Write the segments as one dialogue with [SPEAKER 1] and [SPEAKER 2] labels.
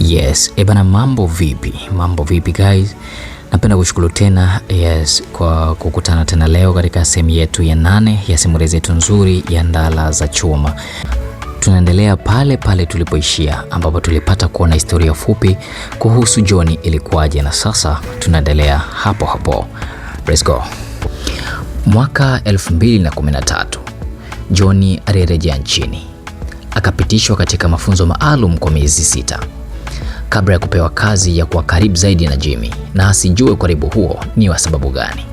[SPEAKER 1] Yes, ebana, eh, mambo vipi? Mambo vipi guys? Napenda kushukuru tena yes, kwa kukutana tena leo katika sehemu yetu ya nane ya simulizi yetu nzuri ya Ndala za Chuma. Tunaendelea pale pale tulipoishia, ambapo tulipata kuona historia fupi kuhusu John ilikuwaje, na sasa tunaendelea hapo hapo. Let's go. Mwaka 2013 John alirejea nchini akapitishwa katika mafunzo maalum kwa miezi sita kabla ya kupewa kazi ya kuwa karibu zaidi na Jimmy na asijue ukaribu huo ni wa sababu gani.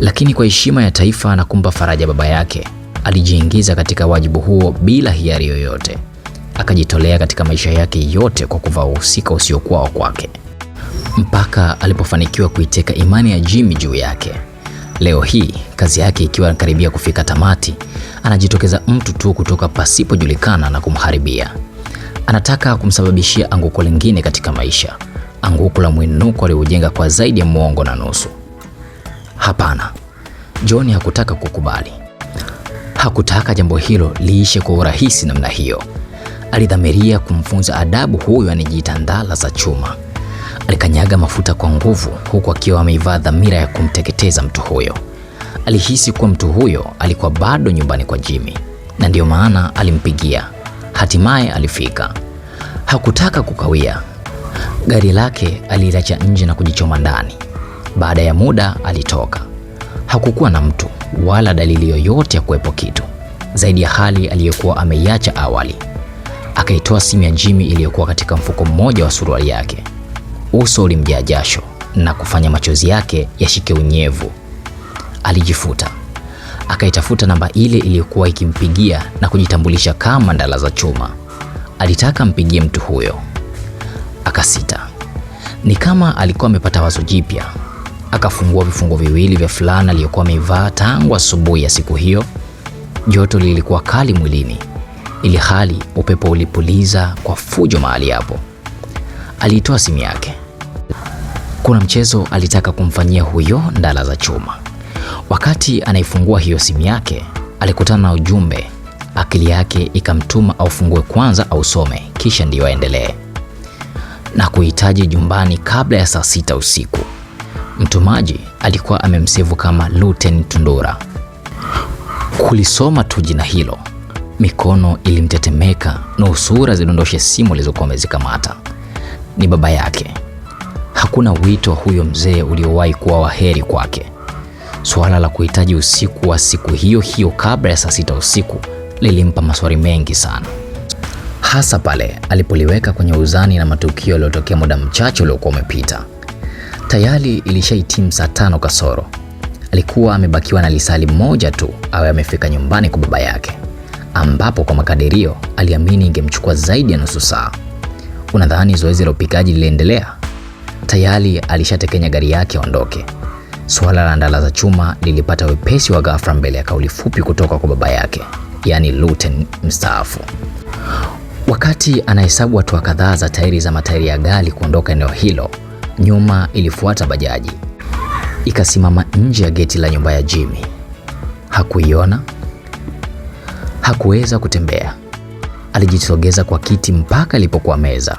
[SPEAKER 1] Lakini kwa heshima ya taifa na kumpa faraja baba yake, alijiingiza katika wajibu huo bila hiari yoyote, akajitolea katika maisha yake yote kwa kuvaa uhusika usiokuwa wa kwake, mpaka alipofanikiwa kuiteka imani ya Jimmy juu yake. Leo hii kazi yake ikiwa anakaribia kufika tamati, anajitokeza mtu tu kutoka pasipojulikana na kumharibia. Anataka kumsababishia anguko lingine katika maisha, anguko la mwinuko aliojenga kwa zaidi ya muongo na nusu. Hapana, John hakutaka kukubali, hakutaka jambo hilo liishe kwa urahisi namna hiyo. Alidhamiria kumfunza adabu huyo anayejiita ndala za chuma. Alikanyaga mafuta kwa nguvu, huku akiwa ameivaa dhamira ya kumteketeza mtu huyo. Alihisi kuwa mtu huyo alikuwa bado nyumbani kwa Jimmy, na ndiyo maana alimpigia Hatimaye alifika, hakutaka kukawia. Gari lake aliacha nje na kujichoma ndani. Baada ya muda alitoka. Hakukuwa na mtu wala dalili yoyote ya kuwepo kitu zaidi ya hali aliyokuwa ameiacha awali. Akaitoa simu ya Jimmy iliyokuwa katika mfuko mmoja wa suruali yake. Uso ulimjaa jasho na kufanya machozi yake yashike unyevu. Alijifuta akaitafuta namba ile iliyokuwa ikimpigia na kujitambulisha kama Ndala za Chuma. Alitaka ampigie mtu huyo, akasita. Ni kama alikuwa amepata wazo jipya. Akafungua vifungo viwili vya fulana aliyokuwa amevaa tangu asubuhi ya siku hiyo. Joto lilikuwa kali mwilini, ili hali upepo ulipuliza kwa fujo mahali hapo. Aliitoa simu yake, kuna mchezo alitaka kumfanyia huyo Ndala za Chuma. Wakati anaifungua hiyo simu yake, alikutana na ujumbe, akili yake ikamtuma aufungue kwanza, ausome, kisha ndiyo aendelee na kuhitaji jumbani kabla ya saa sita usiku. Mtumaji alikuwa amemsevu kama Luten Tundura. Kulisoma tu jina hilo, mikono ilimtetemeka na usura zidondoshe simu alizokuwa amezikamata. Ni baba yake. Hakuna wito huyo mzee uliowahi kuwa waheri kwake. Suala la kuhitaji usiku wa siku hiyo hiyo kabla ya saa sita usiku lilimpa maswali mengi sana, hasa pale alipoliweka kwenye uzani na matukio yaliyotokea muda mchache uliokuwa umepita. Tayari ilishahitimu saa tano kasoro. Alikuwa amebakiwa na lisali moja tu awe amefika nyumbani kwa baba yake, ambapo kwa makadirio aliamini ingemchukua zaidi ya nusu saa. Unadhani zoezi la upikaji liliendelea? Tayari alishatekenya gari yake aondoke, Suala la ndala za chuma lilipata wepesi wa ghafla mbele ya kauli fupi kutoka kwa baba yake, yaani Luten mstaafu. Wakati anahesabu hatua kadhaa za tairi za matairi ya gari kuondoka eneo hilo, nyuma ilifuata bajaji ikasimama nje ya geti la nyumba ya Jimmy. Hakuiona, hakuweza kutembea. Alijisogeza kwa kiti mpaka ilipokuwa meza,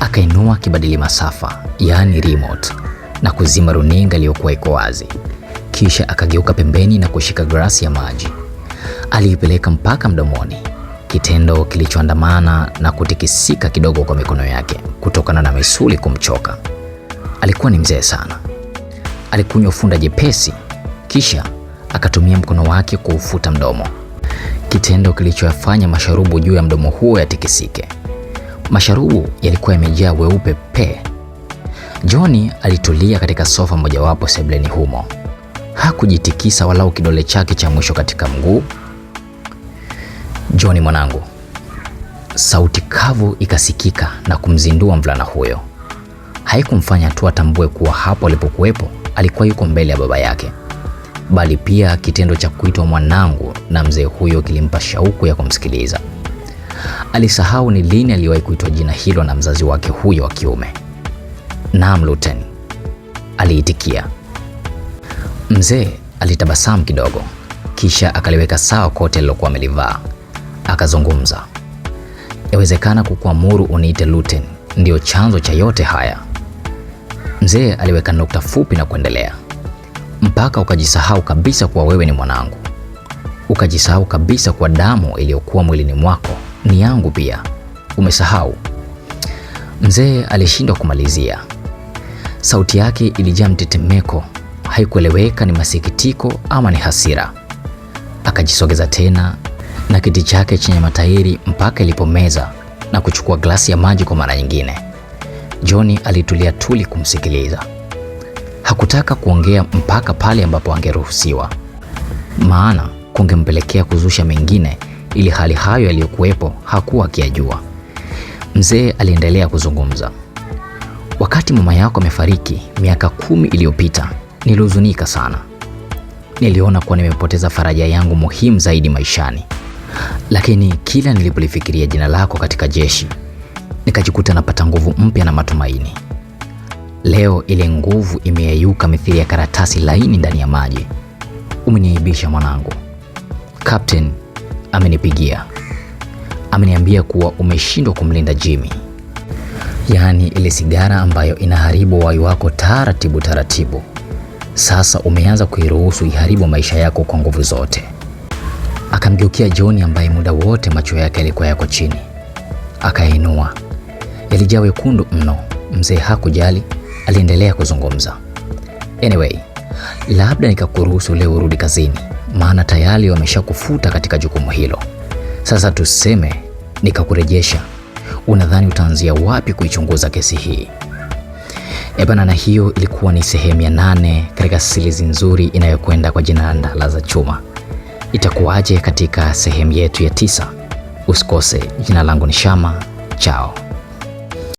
[SPEAKER 1] akainua kibadili masafa, yaani remote na kuzima runinga iliyokuwa iko wazi, kisha akageuka pembeni na kushika glasi ya maji. Aliipeleka mpaka mdomoni, kitendo kilichoandamana na kutikisika kidogo kwa mikono yake kutokana na misuli kumchoka. Alikuwa ni mzee sana. Alikunywa funda jepesi, kisha akatumia mkono wake kuufuta mdomo, kitendo kilichoyafanya masharubu juu ya mdomo huo yatikisike. Masharubu yalikuwa yamejaa weupe pe johni alitulia katika sofa mojawapo sebleni humo. Hakujitikisa walau kidole chake cha mwisho katika mguu. johni mwanangu, sauti kavu ikasikika na kumzindua mvulana huyo. Haikumfanya tu atambue kuwa hapo alipokuwepo alikuwa yuko mbele ya baba yake, bali pia kitendo cha kuitwa mwanangu na mzee huyo kilimpa shauku ya kumsikiliza. Alisahau ni lini aliwahi kuitwa jina hilo na mzazi wake huyo wa kiume. Naam Luten, aliitikia. Mzee alitabasamu kidogo, kisha akaliweka sawa kote alilokuwa amelivaa. Akazungumza, yawezekana kukuamuru uniite Luten ndiyo chanzo cha yote haya. Mzee aliweka nukta fupi na kuendelea, mpaka ukajisahau kabisa kuwa wewe ni mwanangu, ukajisahau kabisa kuwa damu iliyokuwa mwilini mwako ni yangu pia, umesahau. Mzee alishindwa kumalizia. Sauti yake ilijaa mtetemeko, haikueleweka ni masikitiko ama ni hasira. Akajisogeza tena na kiti chake chenye matairi mpaka ilipomeza na kuchukua glasi ya maji kwa mara nyingine. John alitulia tuli kumsikiliza. Hakutaka kuongea mpaka pale ambapo angeruhusiwa, maana kungempelekea kuzusha mengine, ili hali hayo yaliyokuwepo hakuwa akiyajua. Mzee aliendelea kuzungumza. Wakati mama yako amefariki miaka kumi iliyopita, nilihuzunika sana. Niliona kuwa nimepoteza faraja yangu muhimu zaidi maishani, lakini kila nilipolifikiria jina lako katika jeshi, nikajikuta napata nguvu mpya na matumaini. Leo ile nguvu imeyeyuka mithili ya karatasi laini ndani ya maji. Umeniaibisha mwanangu. Captain amenipigia, ameniambia kuwa umeshindwa kumlinda Jimmy yaani ile sigara ambayo inaharibu uhai wako taratibu taratibu. Sasa umeanza kuiruhusu iharibu maisha yako kwa nguvu zote. Akamgeukia John ambaye muda wote macho yake yalikuwa yako chini, akainua yalijaa wekundu mno. Mzee hakujali, aliendelea kuzungumza. Anyway, labda nikakuruhusu leo urudi kazini, maana tayari wameshakufuta katika jukumu hilo. Sasa tuseme nikakurejesha unadhani utaanzia wapi kuichunguza kesi hii? Ebana, eh na hiyo ilikuwa ni sehemu ya nane katika silizi nzuri inayokwenda kwa jina la Ndala za Chuma. Itakuwaje katika sehemu yetu ya tisa? Usikose. Jina langu ni Shama Chao.